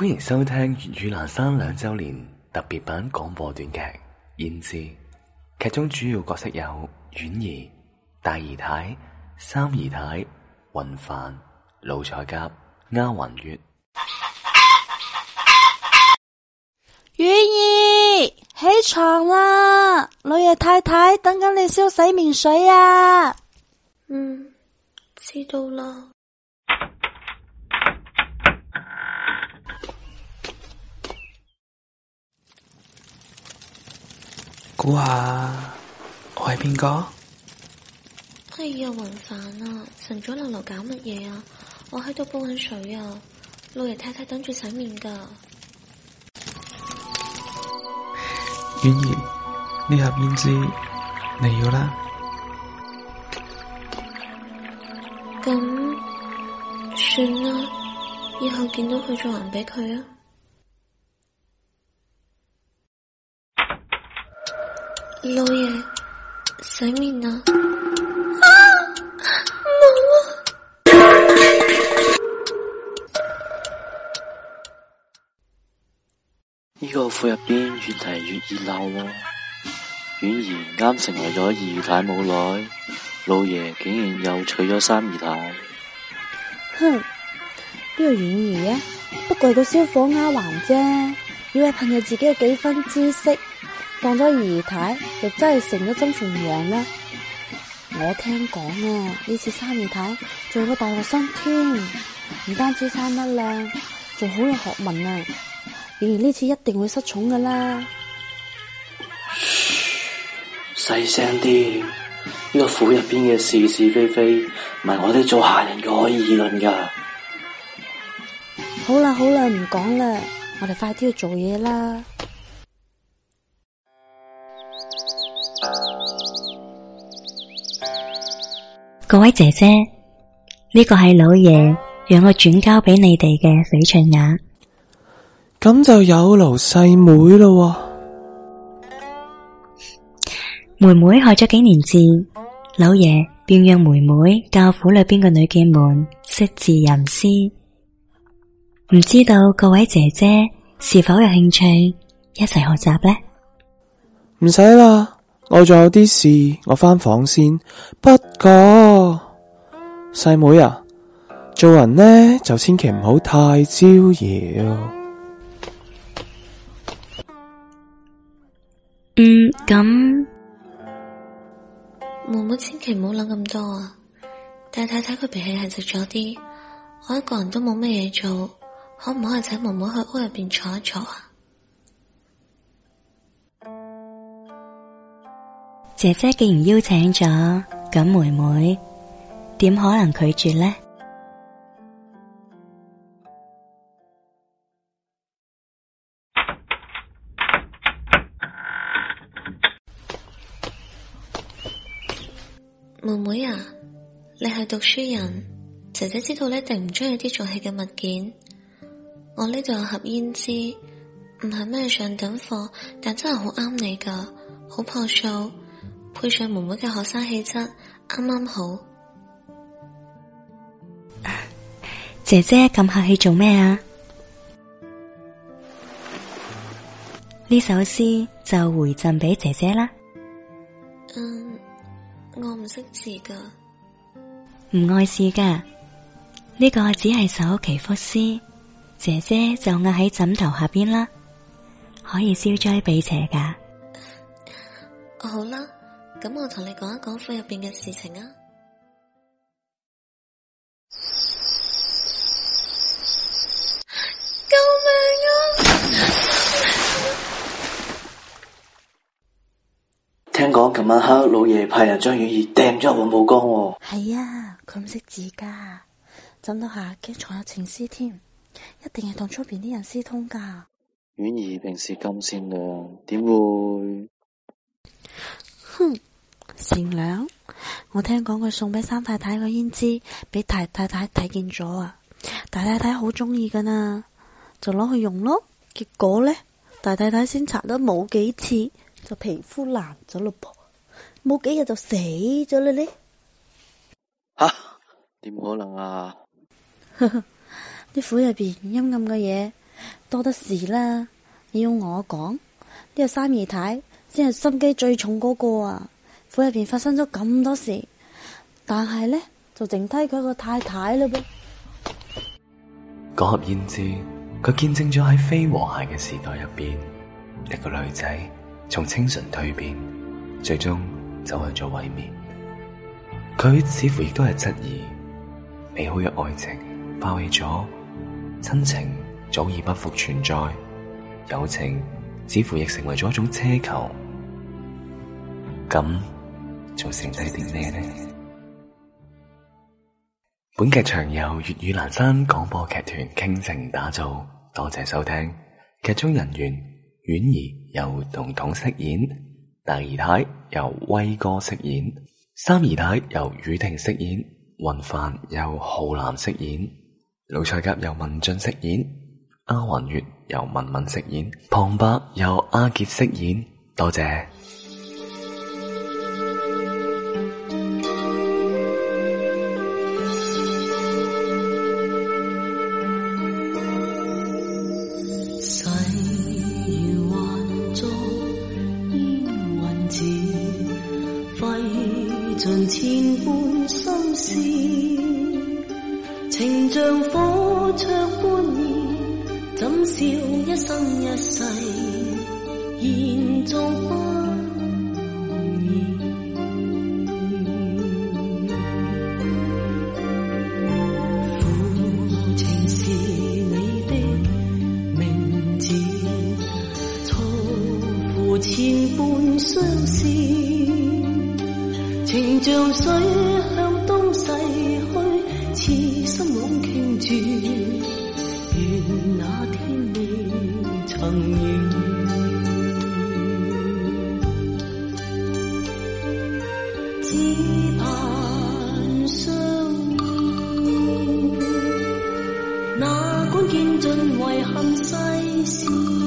歡迎收聽粵語闌珊兩周年特別版廣播短劇《胭脂》。劇中主要角色有婉兒、大姨太、三姨太、雲帆、老彩夾、丫鬟月。婉兒，起床啦！老爺太太等緊你燒洗面水啊！嗯，知道啦。估下我係邊個？哎呀，雲帆啊！晨早流流搞乜嘢啊？我喺度煲緊水呀、啊！老爺太太等住洗面噶。婉兒，你下邊知？你要啦。咁算啦，以後見到佢再還畀佢啊。老爺，洗面呢？啊！呢、啊、個府入邊越嚟越熱鬧喎、啊。婉兒啱成為咗二太冇耐，老爺竟然又娶咗三姨太。哼！呢個婉兒啊？不過個燒火丫鬟啫，以為朋友自己嘅幾分知識。當咗二姨太，又真係成咗曾傳王啦！我聽講啊，呢次三姨太仲係個大學生添，唔單止生得靚，仲好有學問啊！然而呢次一定會失寵噶啦。噓，細聲啲！呢個府入邊嘅是是非非，唔係我哋做下人嘅可以議論噶。好啦好啦，唔講啦，我哋快啲去做嘢啦。各位姐姐，呢個係老爺讓我轉交俾你哋嘅翡翠眼，咁就有勞細妹啦喎。妹妹學咗幾年字，老爺便讓妹妹教府裏邊嘅女眷們識字吟詩。唔知道各位姐姐是否有興趣一齊學習呢？唔使啦。我仲有啲事，我翻房先。不過細妹啊，做人呢就千祈唔好太招搖。嗯，咁妹妹千祈唔好諗咁多啊。但太太，佢脾氣係直咗啲，我一個人都冇乜嘢做，可唔可以請妹妹去屋入邊坐一坐啊？姐姐既然邀請咗，咁妹妹點可能拒絕呢？妹妹啊，你係讀書人，姐姐知道你一定唔中意啲俗氣嘅物件。我呢度有盒胭脂，唔係咩上等貨，但真係好啱你噶，好樸素。配上妹妹嘅學生氣質，啱啱好。 姐姐咁客氣做咩啊？呢 首詩就回贈俾姐姐啦。嗯，我唔識字噶，唔礙 事噶。呢、這個只係首祈福詩，姐姐就壓喺枕頭下邊啦，可以消災避邪噶。 好啦。咁我同你講一講屋入邊嘅事情啊！救命啊！聽講琴晚黑老爺派人將婉兒掟咗去黃浦江喎、哦。係啊，佢唔識字噶，枕頭下驚藏有情詩添，一定係同出邊啲人私通噶。婉兒平時咁善良，點會？哼！善良，我聽講佢送俾三太太嘅胭脂，俾大太太睇見咗啊。大太太好中意噶啦，就攞去用咯。結果呢，大太太先擦得冇幾次，就皮膚爛咗咯。噃，冇幾日就死咗嘞。呢吓點可能啊？呵呵， 啲府入邊陰暗嘅嘢，多得是啦。要我講呢個三姨太，先係心機最重嗰個啊！府入邊發生咗咁多事，但係咧就淨低佢個太太嘞噃。嗰盒胭脂，佢見證咗喺非和諧嘅時代入邊，一個女仔從清純蛻變，最終走向咗毀滅。佢似乎亦都係質疑美好嘅愛情，拋棄咗親情，早已不復存在，友情似乎亦成為咗一種奢求。咁。仲剩低啲咩呢？本劇場由粵語闌珊廣播劇團傾情打造，多謝收聽。劇中人員：婉儀由童童飾演，大姨太由威哥飾演，三姨太由雨婷飾演，雲帆由浩南飾演，老菜甲由文俊飾演，阿雲月由文文飾演，旁白由阿杰飾演。多謝。盡千般心事，情像火灼般熱，怎笑一生一世，言縱不容易。苦 情是你的名字，錯付千般相思。情像水向東逝去，癡心枉傾注。願那天未曾遇，只盼相會。哪管見盡遺憾世事。